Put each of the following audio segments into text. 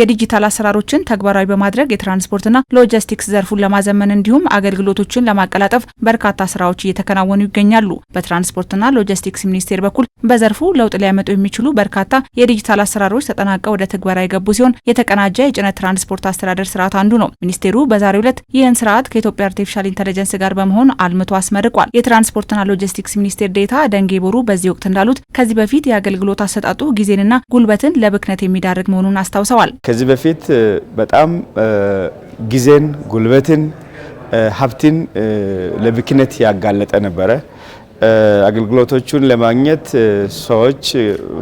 የዲጂታል አሰራሮችን ተግባራዊ በማድረግ የትራንስፖርትና ሎጂስቲክስ ዘርፉን ለማዘመን እንዲሁም አገልግሎቶችን ለማቀላጠፍ በርካታ ስራዎች እየተከናወኑ ይገኛሉ። በትራንስፖርትና ሎጂስቲክስ ሚኒስቴር በኩል በዘርፉ ለውጥ ሊያመጡ የሚችሉ በርካታ የዲጂታል አሰራሮች ተጠናቀው ወደ ትግበራ የገቡ ሲሆን የተቀናጀ የጭነት ትራንስፖርት አስተዳደር ስርዓት አንዱ ነው። ሚኒስቴሩ በዛሬው ዕለት ይህን ስርዓት ከኢትዮጵያ አርቲፊሻል ኢንተለጀንስ ጋር በመሆን አልምቶ አስመርቋል። የትራንስፖርትና ሎጂስቲክስ ሚኒስቴር ዴታ ደንጌ ቦሩ በዚህ ወቅት እንዳሉት ከዚህ በፊት የአገልግሎት አሰጣጡ ጊዜንና ጉልበትን ለብክነት የሚዳርግ መሆኑን አስታውሰዋል። ከዚህ በፊት በጣም ጊዜን፣ ጉልበትን፣ ሀብትን ለብክነት ያጋለጠ ነበረ። አገልግሎቶቹን ለማግኘት ሰዎች፣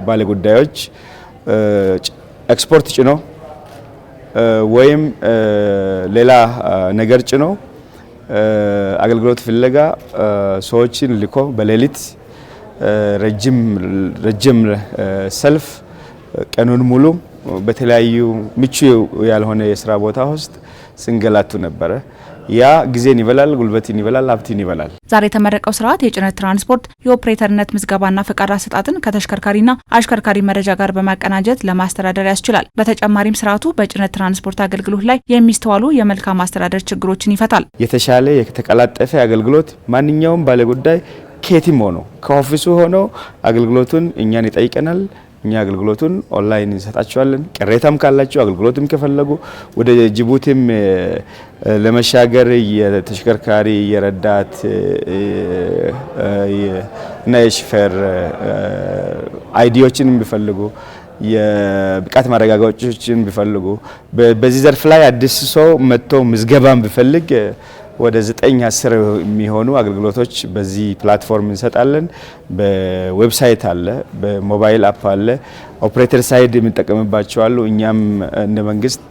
ባለጉዳዮች ኤክስፖርት ጭኖ ወይም ሌላ ነገር ጭኖ አገልግሎት ፍለጋ ሰዎችን ልኮ በሌሊት ረጅም ሰልፍ ቀኑን ሙሉ በተለያዩ ምቹ ያልሆነ የስራ ቦታ ውስጥ ስንገላቱ ነበረ። ያ ጊዜን ይበላል፣ ጉልበትን ይበላል፣ ሀብትን ይበላል። ዛሬ የተመረቀው ስርዓት የጭነት ትራንስፖርት የኦፕሬተርነት ምዝገባና ፈቃድ አሰጣጥን ከተሽከርካሪና አሽከርካሪ መረጃ ጋር በማቀናጀት ለማስተዳደር ያስችላል። በተጨማሪም ስርዓቱ በጭነት ትራንስፖርት አገልግሎት ላይ የሚስተዋሉ የመልካም አስተዳደር ችግሮችን ይፈታል። የተሻለ የተቀላጠፈ አገልግሎት ማንኛውም ባለጉዳይ ኬቲም ሆኖ ከኦፊሱ ሆኖ አገልግሎቱን እኛን ይጠይቀናል። እኛ አገልግሎቱን ኦንላይን እንሰጣቸዋለን። ቅሬታም ካላቸው አገልግሎትም ከፈለጉ ወደ ጅቡቲም ለመሻገር የተሽከርካሪ የረዳት እና የሽፌር አይዲዎችን ቢፈልጉ የብቃት ማረጋገጫዎችን ቢፈልጉ በዚህ ዘርፍ ላይ አዲስ ሰው መጥቶ ምዝገባን ቢፈልግ ወደ 9 10 የሚሆኑ አገልግሎቶች በዚህ ፕላትፎርም እንሰጣለን። በዌብሳይት አለ፣ በሞባይል አፕ አለ፣ ኦፕሬተር ሳይድ የምንጠቀምባቸው አሉ። እኛም እንደ መንግስት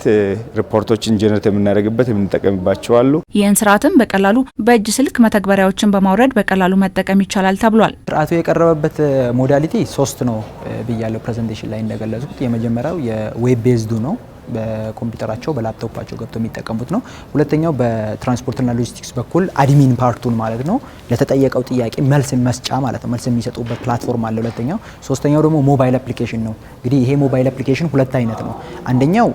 ሪፖርቶችን ጀነሬት የምናደርግበት የምንጠቀምባቸው አሉ። ይህን ስርዓትም በቀላሉ በእጅ ስልክ መተግበሪያዎችን በማውረድ በቀላሉ መጠቀም ይቻላል ተብሏል። ስርዓቱ የቀረበበት ሞዳሊቲ ሶስት ነው ብያለው ፕሬዘንቴሽን ላይ እንደገለጽኩት የመጀመሪያው የዌብ ቤዝዱ ነው። በኮምፒውተራቸው በላፕቶፓቸው ገብተው የሚጠቀሙት ነው። ሁለተኛው በትራንስፖርትና ሎጂስቲክስ በኩል አድሚን ፓርቱን ማለት ነው ለተጠየቀው ጥያቄ መልስ መስጫ ማለት ነው መልስ የሚሰጡበት ፕላትፎርም አለ። ሁለተኛው ሶስተኛው ደግሞ ሞባይል አፕሊኬሽን ነው። እንግዲህ ይሄ ሞባይል አፕሊኬሽን ሁለት አይነት ነው። አንደኛው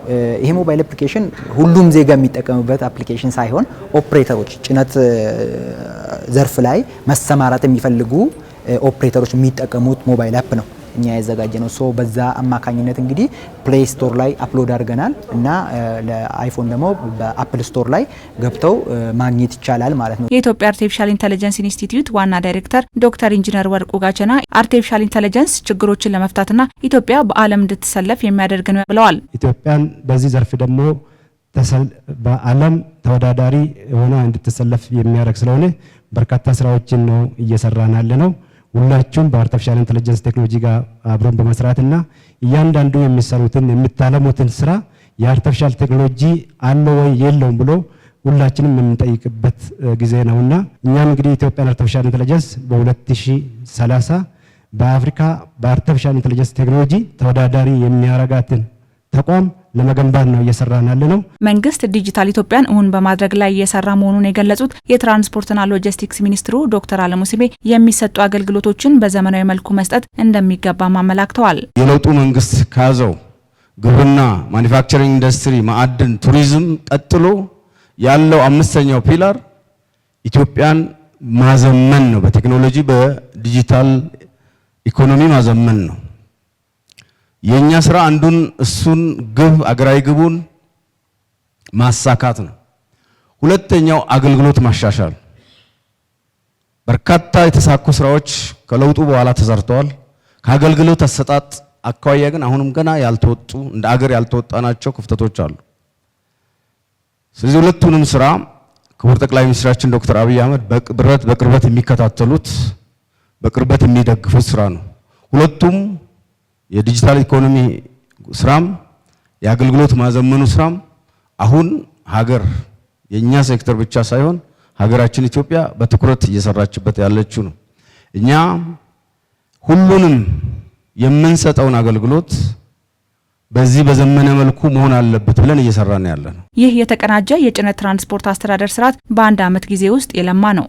ይሄ ሞባይል አፕሊኬሽን ሁሉም ዜጋ የሚጠቀምበት አፕሊኬሽን ሳይሆን ኦፕሬተሮች ጭነት ዘርፍ ላይ መሰማራት የሚፈልጉ ኦፕሬተሮች የሚጠቀሙት ሞባይል አፕ ነው። እኛ ያዘጋጀ ነው። ሶ በዛ አማካኝነት እንግዲህ ፕሌይ ስቶር ላይ አፕሎድ አድርገናል እና ለአይፎን ደግሞ በአፕል ስቶር ላይ ገብተው ማግኘት ይቻላል ማለት ነው። የኢትዮጵያ አርቲፊሻል ኢንቴሊጀንስ ኢንስቲትዩት ዋና ዳይሬክተር ዶክተር ኢንጂነር ወርቁ ጋቸና አርቲፊሻል ኢንቴሊጀንስ ችግሮችን ለመፍታትና ኢትዮጵያ በዓለም እንድትሰለፍ የሚያደርግ ነው ብለዋል። ኢትዮጵያን በዚህ ዘርፍ ደግሞ በዓለም ተወዳዳሪ ሆና እንድትሰለፍ የሚያደርግ ስለሆነ በርካታ ስራዎችን ነው እየሰራን ያለ ነው። ሁላችሁም በአርቲፊሻል ኢንተለጀንስ ቴክኖሎጂ ጋር አብረን በመስራትና እያንዳንዱ የሚሰሩትን የሚታለሙትን ስራ የአርቲፊሻል ቴክኖሎጂ አለው ወይ የለውም ብሎ ሁላችንም የምንጠይቅበት ጊዜ ነውና እኛም እንግዲህ ኢትዮጵያን አርቲፊሻል ኢንተለጀንስ በ2030 በአፍሪካ በአርቲፊሻል ኢንተለጀንስ ቴክኖሎጂ ተወዳዳሪ የሚያረጋትን ተቋም ለመገንባት ነው እየሰራን ያለ ነው። መንግስት ዲጂታል ኢትዮጵያን እውን በማድረግ ላይ እየሰራ መሆኑን የገለጹት የትራንስፖርትና ሎጂስቲክስ ሚኒስትሩ ዶክተር አለሙ ስሜ የሚሰጡ አገልግሎቶችን በዘመናዊ መልኩ መስጠት እንደሚገባም አመላክተዋል። የለውጡ መንግስት ከያዘው ግብርና፣ ማኒፋክቸሪንግ ኢንዱስትሪ፣ ማዕድን፣ ቱሪዝም ቀጥሎ ያለው አምስተኛው ፒላር ኢትዮጵያን ማዘመን ነው። በቴክኖሎጂ በዲጂታል ኢኮኖሚ ማዘመን ነው። የእኛ ስራ አንዱን እሱን ግብ አገራዊ ግቡን ማሳካት ነው። ሁለተኛው አገልግሎት ማሻሻል። በርካታ የተሳኩ ስራዎች ከለውጡ በኋላ ተሰርተዋል። ከአገልግሎት አሰጣጥ አኳያ ግን አሁንም ገና ያልተወጡ እንደ አገር ያልተወጣናቸው ክፍተቶች አሉ። ስለዚህ ሁለቱንም ስራ ክቡር ጠቅላይ ሚኒስትራችን ዶክተር አብይ አህመድ በቅርበት በቅርበት የሚከታተሉት በቅርበት የሚደግፉት ስራ ነው ሁለቱም የዲጂታል ኢኮኖሚ ስራም የአገልግሎት ማዘመኑ ስራም አሁን ሀገር የእኛ ሴክተር ብቻ ሳይሆን ሀገራችን ኢትዮጵያ በትኩረት እየሰራችበት ያለችው ነው። እኛ ሁሉንም የምንሰጠውን አገልግሎት በዚህ በዘመነ መልኩ መሆን አለበት ብለን እየሰራን ያለ ነው። ይህ የተቀናጀ የጭነት ትራንስፖርት አስተዳደር ስርዓት በአንድ ዓመት ጊዜ ውስጥ የለማ ነው።